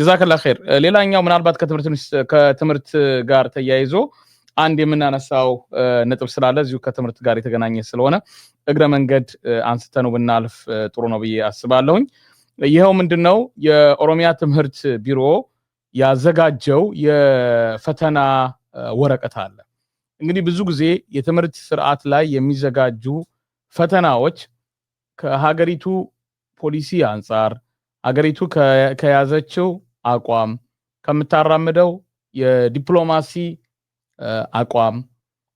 ጀዛከላ ኸይር። ሌላኛው ምናልባት ከትምህርት ጋር ተያይዞ አንድ የምናነሳው ነጥብ ስላለ እዚሁ ከትምህርት ጋር የተገናኘ ስለሆነ እግረ መንገድ አንስተን ብናልፍ ጥሩ ነው ብዬ አስባለሁኝ። ይኸው ምንድን ነው የኦሮሚያ ትምህርት ቢሮ ያዘጋጀው የፈተና ወረቀት አለ። እንግዲህ ብዙ ጊዜ የትምህርት ስርዓት ላይ የሚዘጋጁ ፈተናዎች ከሀገሪቱ ፖሊሲ አንጻር አገሪቱ ከያዘችው አቋም ከምታራምደው የዲፕሎማሲ አቋም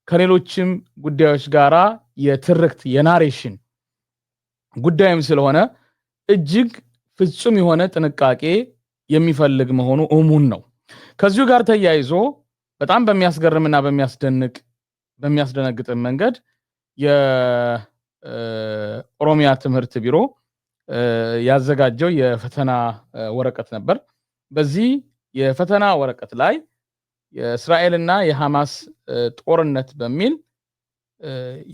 ከሌሎችም ጉዳዮች ጋራ የትርክት የናሬሽን ጉዳይም ስለሆነ እጅግ ፍጹም የሆነ ጥንቃቄ የሚፈልግ መሆኑ እሙን ነው። ከዚሁ ጋር ተያይዞ በጣም በሚያስገርምና በሚያስደንቅ በሚያስደነግጥም መንገድ የኦሮሚያ ትምህርት ቢሮ ያዘጋጀው የፈተና ወረቀት ነበር። በዚህ የፈተና ወረቀት ላይ የእስራኤልና የሐማስ ጦርነት በሚል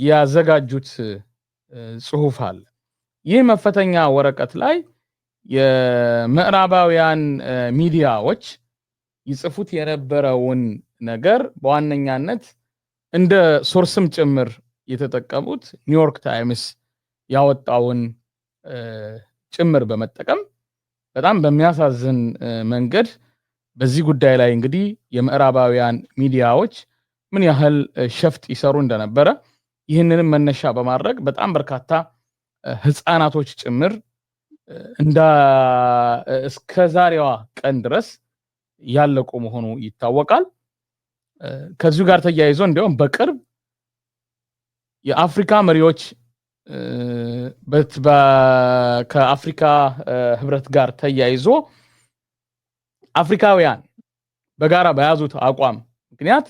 ያዘጋጁት ጽሑፍ አለ። ይህ መፈተኛ ወረቀት ላይ የምዕራባውያን ሚዲያዎች ይጽፉት የነበረውን ነገር በዋነኛነት እንደ ሶርስም ጭምር የተጠቀሙት ኒውዮርክ ታይምስ ያወጣውን ጭምር በመጠቀም በጣም በሚያሳዝን መንገድ በዚህ ጉዳይ ላይ እንግዲህ የምዕራባውያን ሚዲያዎች ምን ያህል ሸፍጥ ይሰሩ እንደነበረ ይህንንም መነሻ በማድረግ በጣም በርካታ ህፃናቶች ጭምር እስከ ዛሬዋ ቀን ድረስ ያለቁ መሆኑ ይታወቃል። ከዚሁ ጋር ተያይዞ እንዲሁም በቅርብ የአፍሪካ መሪዎች ከአፍሪካ ህብረት ጋር ተያይዞ አፍሪካውያን በጋራ በያዙት አቋም ምክንያት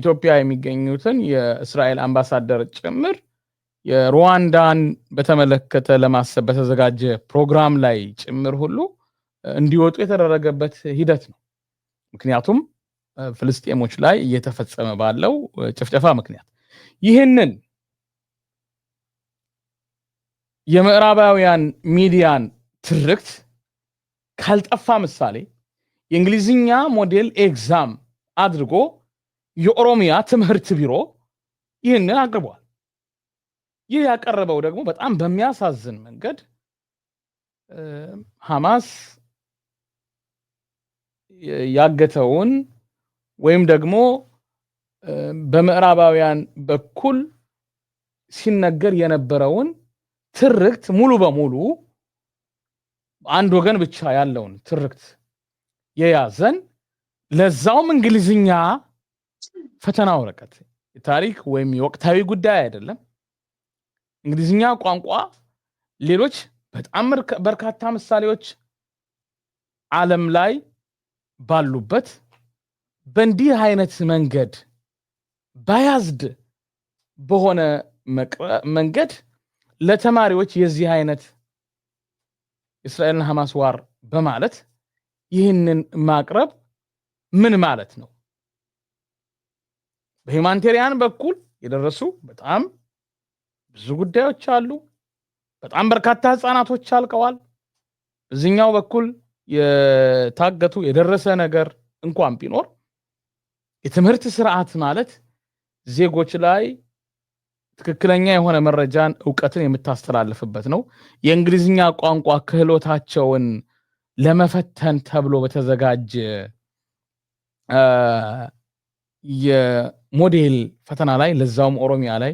ኢትዮጵያ የሚገኙትን የእስራኤል አምባሳደር ጭምር የሩዋንዳን በተመለከተ ለማሰብ በተዘጋጀ ፕሮግራም ላይ ጭምር ሁሉ እንዲወጡ የተደረገበት ሂደት ነው። ምክንያቱም ፍልስጤሞች ላይ እየተፈጸመ ባለው ጭፍጨፋ ምክንያት ይህንን የምዕራባውያን ሚዲያን ትርክት ካልጠፋ ምሳሌ የእንግሊዝኛ ሞዴል ኤግዛም አድርጎ የኦሮሚያ ትምህርት ቢሮ ይህንን አቅርቧል። ይህ ያቀረበው ደግሞ በጣም በሚያሳዝን መንገድ ሐማስ ያገተውን ወይም ደግሞ በምዕራባውያን በኩል ሲነገር የነበረውን ትርክት ሙሉ በሙሉ አንድ ወገን ብቻ ያለውን ትርክት የያዘን ለዛውም እንግሊዝኛ ፈተና ወረቀት ታሪክ ወይም የወቅታዊ ጉዳይ አይደለም። እንግሊዝኛ ቋንቋ ሌሎች በጣም በርካታ ምሳሌዎች ዓለም ላይ ባሉበት በእንዲህ አይነት መንገድ ባያዝድ በሆነ መንገድ ለተማሪዎች የዚህ አይነት እስራኤልና ሐማስ ዋር በማለት ይህንን ማቅረብ ምን ማለት ነው? በሂማንቴሪያን በኩል የደረሱ በጣም ብዙ ጉዳዮች አሉ። በጣም በርካታ ህፃናቶች አልቀዋል። በዚህኛው በኩል የታገቱ የደረሰ ነገር እንኳን ቢኖር የትምህርት ስርዓት ማለት ዜጎች ላይ ትክክለኛ የሆነ መረጃን፣ እውቀትን የምታስተላልፍበት ነው። የእንግሊዝኛ ቋንቋ ክህሎታቸውን ለመፈተን ተብሎ በተዘጋጀ የሞዴል ፈተና ላይ ለዛውም ኦሮሚያ ላይ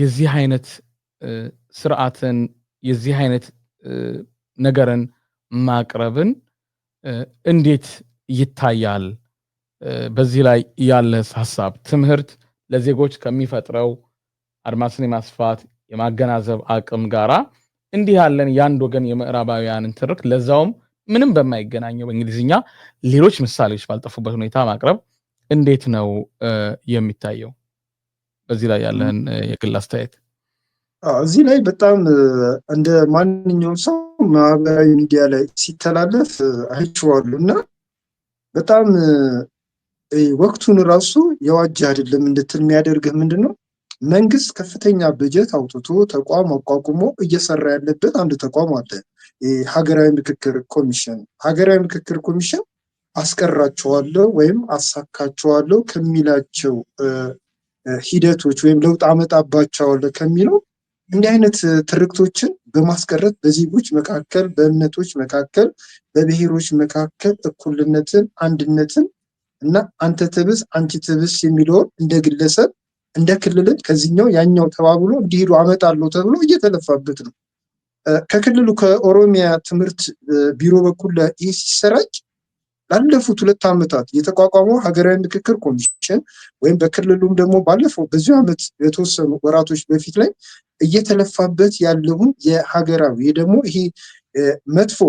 የዚህ አይነት ስርዓትን የዚህ አይነት ነገርን ማቅረብን እንዴት ይታያል? በዚህ ላይ ያለ ሀሳብ ትምህርት ለዜጎች ከሚፈጥረው አድማስን የማስፋት የማገናዘብ አቅም ጋራ እንዲህ ያለን የአንድ ወገን የምዕራባውያንን ትርክ ለዛውም ምንም በማይገናኘው በእንግሊዝኛ ሌሎች ምሳሌዎች ባልጠፉበት ሁኔታ ማቅረብ እንዴት ነው የሚታየው? በዚህ ላይ ያለን የግል አስተያየት። እዚህ ላይ በጣም እንደ ማንኛውም ሰው ማህበራዊ ሚዲያ ላይ ሲተላለፍ አይችዋሉ እና በጣም ወቅቱን ራሱ የዋጅ አይደለም እንድትል የሚያደርግህ ምንድን ነው? መንግስት ከፍተኛ በጀት አውጥቶ ተቋም አቋቁሞ እየሰራ ያለበት አንድ ተቋም አለ። ሀገራዊ ምክክር ኮሚሽን። ሀገራዊ ምክክር ኮሚሽን አስቀራቸዋለሁ ወይም አሳካቸዋለሁ ከሚላቸው ሂደቶች ወይም ለውጥ አመጣባቸዋለሁ ከሚለው እንዲህ አይነት ትርክቶችን በማስቀረት በዜጎች መካከል፣ በእምነቶች መካከል፣ በብሔሮች መካከል እኩልነትን፣ አንድነትን እና አንተ ትብስ አንቺ ትብስ የሚለውን እንደ ግለሰብ እንደ ክልልን ከዚህኛው ያኛው ተባብሎ እንዲሄዱ አመጣለሁ ተብሎ እየተለፋበት ነው። ከክልሉ ከኦሮሚያ ትምህርት ቢሮ በኩል ለይህ ሲሰራጭ ላለፉት ሁለት ዓመታት የተቋቋመው ሀገራዊ ምክክር ኮሚሽን ወይም በክልሉም ደግሞ ባለፈው በዚሁ ዓመት የተወሰኑ ወራቶች በፊት ላይ እየተለፋበት ያለውን የሀገራዊ ደግሞ ይሄ መጥፎ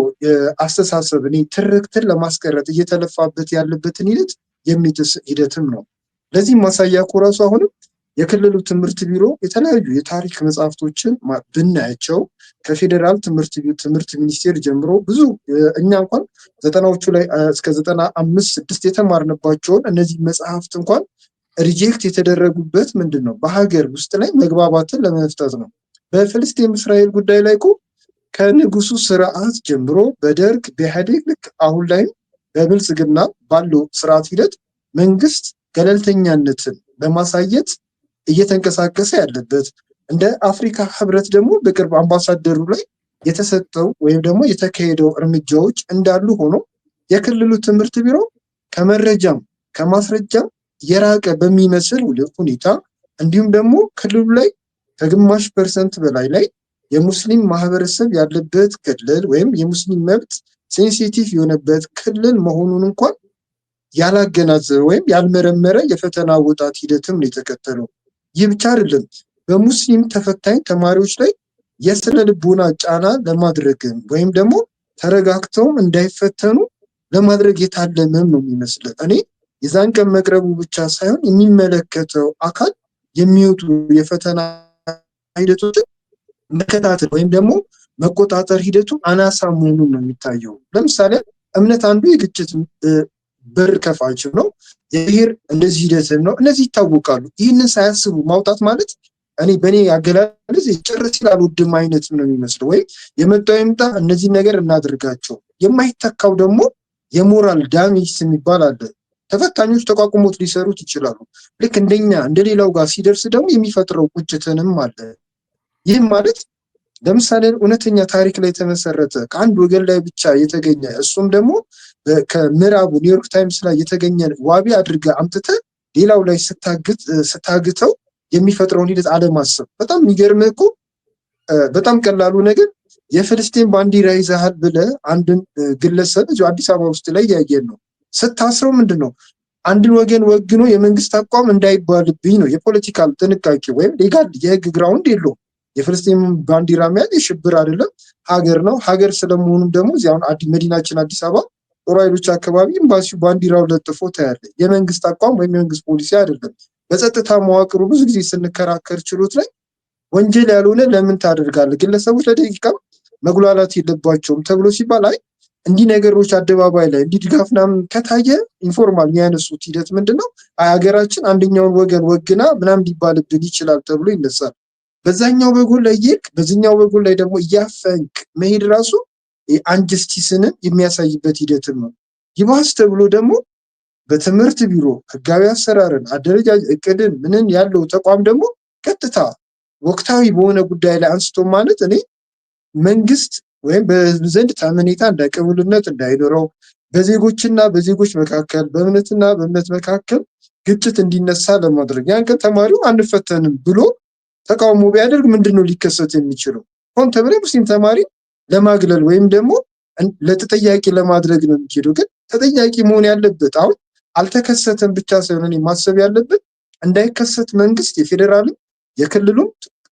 አስተሳሰብ እኔ ትርክትን ለማስቀረት እየተለፋበት ያለበትን ሂደት የሚጥስ ሂደትም ነው። ለዚህም ማሳያ እኮ ራሱ አሁንም የክልሉ ትምህርት ቢሮ የተለያዩ የታሪክ መጽሐፍቶችን ብናያቸው ከፌዴራል ትምህርት ሚኒስቴር ጀምሮ ብዙ እኛ እንኳን ዘጠናዎቹ ላይ እስከ ዘጠና አምስት ስድስት የተማርንባቸውን እነዚህ መጽሐፍት እንኳን ሪጀክት የተደረጉበት ምንድን ነው በሀገር ውስጥ ላይ መግባባትን ለመፍጠት ነው። በፍልስጤም እስራኤል ጉዳይ ላይ እኮ ከንጉሱ ስርዓት ጀምሮ በደርግ በኢህአዴግ ልክ አሁን ላይም በብልጽግና ባለው ስርዓት ሂደት መንግስት ገለልተኛነትን በማሳየት እየተንቀሳቀሰ ያለበት እንደ አፍሪካ ህብረት ደግሞ በቅርብ አምባሳደሩ ላይ የተሰጠው ወይም ደግሞ የተካሄደው እርምጃዎች እንዳሉ ሆኖ የክልሉ ትምህርት ቢሮ ከመረጃም ከማስረጃም የራቀ በሚመስል ሁኔታ እንዲሁም ደግሞ ክልሉ ላይ ከግማሽ ፐርሰንት በላይ ላይ የሙስሊም ማህበረሰብ ያለበት ክልል ወይም የሙስሊም መብት ሴንሲቲቭ የሆነበት ክልል መሆኑን እንኳን ያላገናዘበ ወይም ያልመረመረ የፈተና አወጣት ሂደትም ነው የተከተለው። ይህ ብቻ አይደለም፣ በሙስሊም ተፈታኝ ተማሪዎች ላይ የስነ ልቦና ጫና ለማድረግም ወይም ደግሞ ተረጋግተውም እንዳይፈተኑ ለማድረግ የታለመም ነው የሚመስለ እኔ የዛን ቀን መቅረቡ ብቻ ሳይሆን የሚመለከተው አካል የሚወጡ የፈተና ሂደቶችን መከታተል ወይም ደግሞ መቆጣጠር ሂደቱ አናሳ መሆኑን ነው የሚታየው። ለምሳሌ እምነት አንዱ የግጭት በር ከፋችው ነው። የብሔር እንደዚህ ሂደትም ነው። እነዚህ ይታወቃሉ። ይህንን ሳያስቡ ማውጣት ማለት እኔ በእኔ አገላለጽ ጭርስ ውድም አይነት ነው የሚመስለው። ወይም የመጣው የምጣ እነዚህ ነገር እናድርጋቸው። የማይተካው ደግሞ የሞራል ዳሜጅ የሚባል አለ። ተፈታኞች ተቋቁሞት ሊሰሩት ይችላሉ። ልክ እንደኛ እንደሌላው ጋር ሲደርስ ደግሞ የሚፈጥረው ቁጭትንም አለ። ይህም ማለት ለምሳሌ እውነተኛ ታሪክ ላይ የተመሰረተ ከአንድ ወገን ላይ ብቻ የተገኘ እሱም ደግሞ ከምዕራቡ ኒውዮርክ ታይምስ ላይ የተገኘ ዋቢ አድርገ አምጥተ ሌላው ላይ ስታግተው የሚፈጥረውን ሂደት አለማሰብ። በጣም የሚገርም እኮ በጣም ቀላሉ ነገር የፍልስጤን ባንዲራ ይዘሃል ብለ አንድን ግለሰብ አዲስ አበባ ውስጥ ላይ እያየን ነው። ስታስረው ምንድን ነው አንድን ወገን ወግኖ የመንግስት አቋም እንዳይባልብኝ ነው የፖለቲካል ጥንቃቄ ወይም ሌጋል የህግ ግራውንድ የለውም። የፍልስጤም ባንዲራ መያዝ የሽብር አይደለም፣ ሀገር ነው። ሀገር ስለመሆኑም ደግሞ እዚሁን መዲናችን አዲስ አበባ ጦር ኃይሎች አካባቢ ኤምባሲው ባንዲራው ለጥፎ ታያለ። የመንግስት አቋም ወይም የመንግስት ፖሊሲ አይደለም። በጸጥታ መዋቅሩ ብዙ ጊዜ ስንከራከር ችሎት ላይ ወንጀል ያልሆነ ለምን ታደርጋለ ግለሰቦች ለደቂቃም መጉላላት የለባቸውም ተብሎ ሲባል አይ እንዲህ ነገሮች አደባባይ ላይ እንዲህ ድጋፍ ምናምን ከታየ ኢንፎርማል የሚያነሱት ሂደት ምንድን ነው? ሀገራችን አንደኛውን ወገን ወግና ምናምን ሊባልብን ይችላል ተብሎ ይነሳል። በዛኛው በኩል ላይ ይልቅ በዚኛው በኩል ላይ ደግሞ እያፈንቅ መሄድ ራሱ አንጀስቲስንን የሚያሳይበት ሂደትም ነው። ይባስ ተብሎ ደግሞ በትምህርት ቢሮ ህጋዊ አሰራርን፣ አደረጃ እቅድን ምንን ያለው ተቋም ደግሞ ቀጥታ ወቅታዊ በሆነ ጉዳይ ላይ አንስቶ ማለት እኔ መንግስት ወይም በህዝብ ዘንድ ታመኔታ እንዳይቀቡልነት እንዳይኖረው በዜጎችና በዜጎች መካከል በእምነትና በእምነት መካከል ግጭት እንዲነሳ ለማድረግ ያን ቀን ተማሪው አንፈተንም ብሎ ተቃውሞ ቢያደርግ ምንድን ነው ሊከሰት የሚችለው? ሆን ተብለ ሙስሊም ተማሪ ለማግለል ወይም ደግሞ ለተጠያቂ ለማድረግ ነው የሚሄደው። ግን ተጠያቂ መሆን ያለበት አሁን አልተከሰተም ብቻ ሳይሆን ማሰብ ያለበት እንዳይከሰት መንግስት የፌዴራልም የክልሉም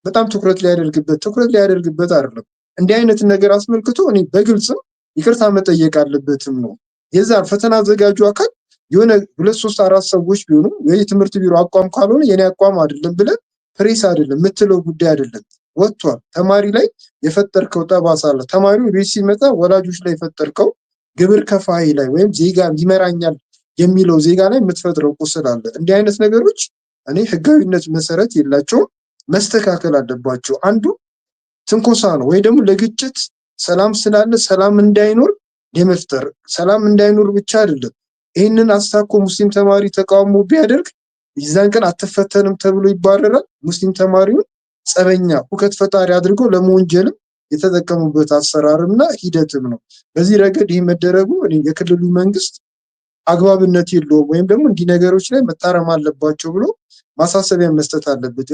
በጣም ትኩረት ሊያደርግበት ትኩረት ሊያደርግበት አይደለም። እንዲህ አይነት ነገር አስመልክቶ እኔ በግልጽም ይቅርታ መጠየቅ አለበትም ነው የዛ ፈተና አዘጋጁ አካል የሆነ ሁለት ሶስት አራት ሰዎች ቢሆኑ ወይ የትምህርት ቢሮ አቋም ካልሆነ የኔ አቋም አይደለም ብለን ፕሬስ አይደለም የምትለው ጉዳይ አይደለም ወጥቷል። ተማሪ ላይ የፈጠርከው ጠባሳ አለ። ተማሪው ቤት ሲመጣ ወላጆች ላይ የፈጠርከው ግብር ከፋይ ላይ ወይም ዜጋ ይመራኛል የሚለው ዜጋ ላይ የምትፈጥረው ቁስል አለ። እንዲህ አይነት ነገሮች እኔ ህጋዊነት መሰረት የላቸውም፣ መስተካከል አለባቸው። አንዱ ትንኮሳ ነው ወይ ደግሞ ለግጭት ሰላም ስላለ ሰላም እንዳይኖር የመፍጠር ሰላም እንዳይኖር ብቻ አይደለም። ይህንን አስታኮ ሙስሊም ተማሪ ተቃውሞ ቢያደርግ የዛን ቀን አትፈተንም ተብሎ ይባረራል። ሙስሊም ተማሪውን ጸበኛ፣ ሁከት ፈጣሪ አድርጎ ለመወንጀልም የተጠቀሙበት አሰራርና ሂደትም ነው። በዚህ ረገድ ይህ መደረጉ የክልሉ መንግስት አግባብነት የለውም ወይም ደግሞ እንዲህ ነገሮች ላይ መታረም አለባቸው ብሎ ማሳሰቢያ መስጠት አለበት።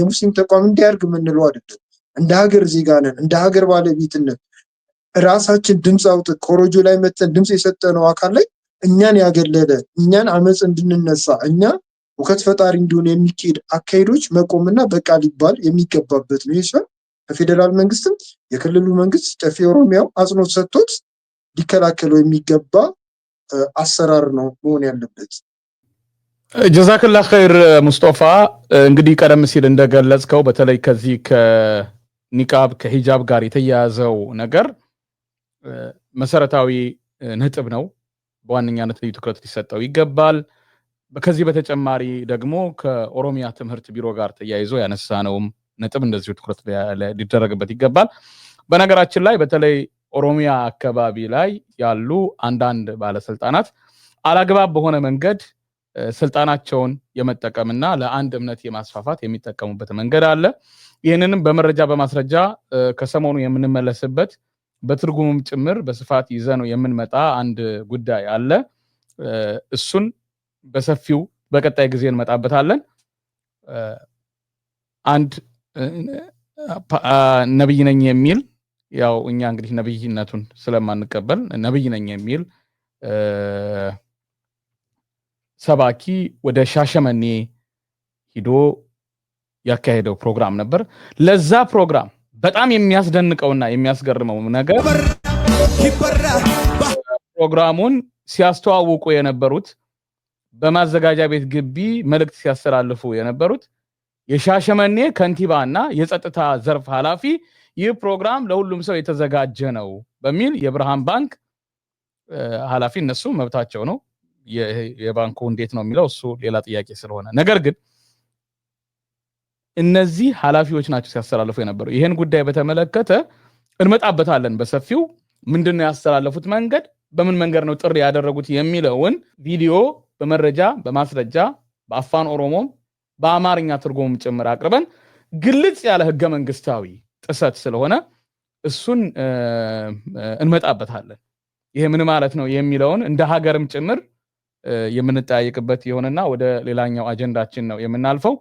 የሙስሊም ተቋም እንዲያርግ የምንለው አይደለም። እንደ ሀገር ዜጋ ነን፣ እንደ ሀገር ባለቤትነት ራሳችን ድምፅ አውጥ ኮሮጆ ላይ መተን ድምፅ የሰጠነው አካል ላይ እኛን ያገለለ እኛን አመፅ እንድንነሳ እኛ ሁከት ፈጣሪ እንዲሆን የሚካሄድ አካሄዶች መቆምና በቃ ሊባል የሚገባበት ነው ይህ ሲሆን ከፌዴራል መንግስትም የክልሉ መንግስት ጨፌ ኦሮሚያው አጽንኦት ሰጥቶት ሊከላከለው የሚገባ አሰራር ነው መሆን ያለበት። ጀዛክላ ኸይር ሙስጦፋ። እንግዲህ ቀደም ሲል እንደገለጽከው በተለይ ከዚህ ከኒቃብ ከሂጃብ ጋር የተያያዘው ነገር መሰረታዊ ነጥብ ነው። በዋነኛነት ልዩ ትኩረት ሊሰጠው ይገባል። ከዚህ በተጨማሪ ደግሞ ከኦሮሚያ ትምህርት ቢሮ ጋር ተያይዞ ያነሳነውም ነጥብ እንደዚሁ ትኩረት ሊደረግበት ይገባል። በነገራችን ላይ በተለይ ኦሮሚያ አካባቢ ላይ ያሉ አንዳንድ ባለስልጣናት አላግባብ በሆነ መንገድ ስልጣናቸውን የመጠቀምና ለአንድ እምነት የማስፋፋት የሚጠቀሙበት መንገድ አለ። ይህንንም በመረጃ በማስረጃ ከሰሞኑ የምንመለስበት በትርጉሙም ጭምር በስፋት ይዘ ነው የምንመጣ አንድ ጉዳይ አለ። እሱን በሰፊው በቀጣይ ጊዜ እንመጣበታለን። አንድ ነቢይ ነኝ የሚል ያው እኛ እንግዲህ ነብይነቱን ስለማንቀበል ነቢይ ነኝ የሚል ሰባኪ ወደ ሻሸመኔ ሂዶ ያካሄደው ፕሮግራም ነበር። ለዛ ፕሮግራም በጣም የሚያስደንቀውና የሚያስገርመው ነገር ፕሮግራሙን ሲያስተዋውቁ የነበሩት በማዘጋጃ ቤት ግቢ መልእክት ሲያስተላልፉ የነበሩት የሻሸመኔ ከንቲባ እና የጸጥታ ዘርፍ ኃላፊ ይህ ፕሮግራም ለሁሉም ሰው የተዘጋጀ ነው በሚል የብርሃን ባንክ ኃላፊ እነሱ መብታቸው ነው። የባንኩ እንዴት ነው የሚለው እሱ ሌላ ጥያቄ ስለሆነ፣ ነገር ግን እነዚህ ኃላፊዎች ናቸው ሲያስተላልፉ የነበረው። ይህን ጉዳይ በተመለከተ እንመጣበታለን በሰፊው ምንድን ነው ያስተላለፉት መንገድ፣ በምን መንገድ ነው ጥሪ ያደረጉት የሚለውን ቪዲዮ በመረጃ በማስረጃ በአፋን ኦሮሞም በአማርኛ ትርጉሙም ጭምር አቅርበን ግልጽ ያለ ህገ መንግስታዊ ጥሰት ስለሆነ እሱን እንመጣበታለን። ይሄ ምን ማለት ነው የሚለውን እንደ ሀገርም ጭምር የምንጠያየቅበት የሆነና ወደ ሌላኛው አጀንዳችን ነው የምናልፈው።